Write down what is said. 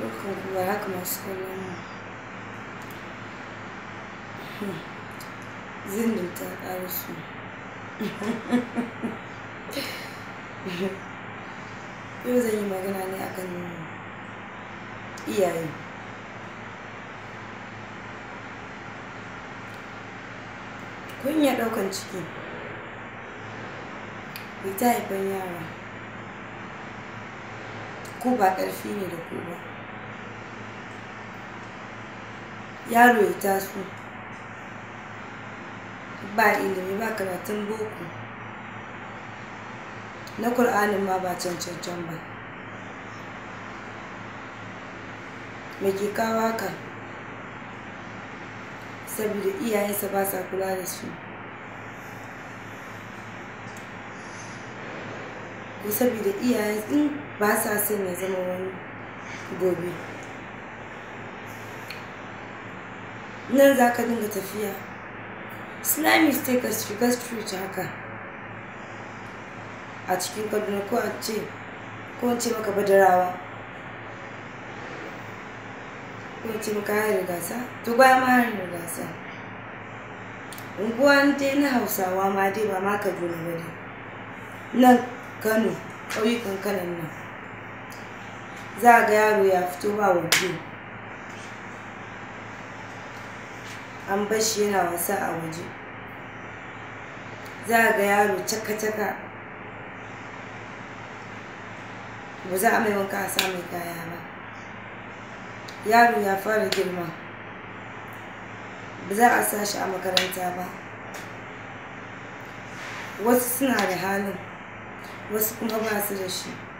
da kuma haka masu kallon mu zindin ta ƙara su yau zan yi magana ne akan iyaye kunya ɗaukan ciki ita haifan yara ko ba ƙarfi ne da ku ba yaro ya taso ba ilimi ba karatun boko na ƙur'anin ma ba cancancan ba me ke kawo haka saboda iyayensa ba sa kula da su saboda iyayen ba sa son ya zama wani gobe nan za ka dinga tafiya islamic sai ka shiga street haka a cikin kaduna ko a ce ko ce maka badarawa ko ce maka hayar gasa to baya ma hayar gasa unguwa dai na hausawa ma dai ba ma kaduna ba ne nan kano ƙauyukan kanan nan za ga yaro ya fito ba wajen an bashi yana wasa a waje za a ga yaro caka-caka ba za a mai wanka a sa mai kaya ba yaro ya fara girma ba za a sa shi a makaranta ba wasu suna da halin wasu kuma ba su da shi